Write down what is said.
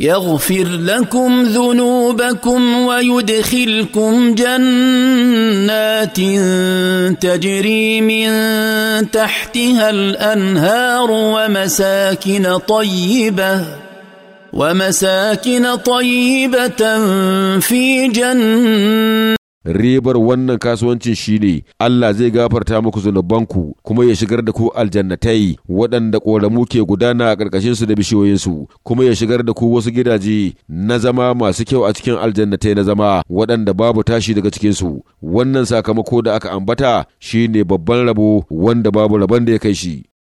يغفر لكم ذنوبكم ويدخلكم جنات تجري من تحتها الانهار ومساكن طيبه ومساكن طيبه في جنات ribar wannan kasuwancin shine Allah zai gafarta muku zunubanku kuma ya shigar da ku aljannatai waɗanda ƙoramu ke gudana a ƙarƙashin su da bishiyoyinsu kuma ya shigar da ku wasu gidaje na zama masu kyau a cikin aljannatai na zama waɗanda babu tashi daga cikin su wannan sakamako da aka ambata shine babban rabo wanda babu rabon da ya kai shi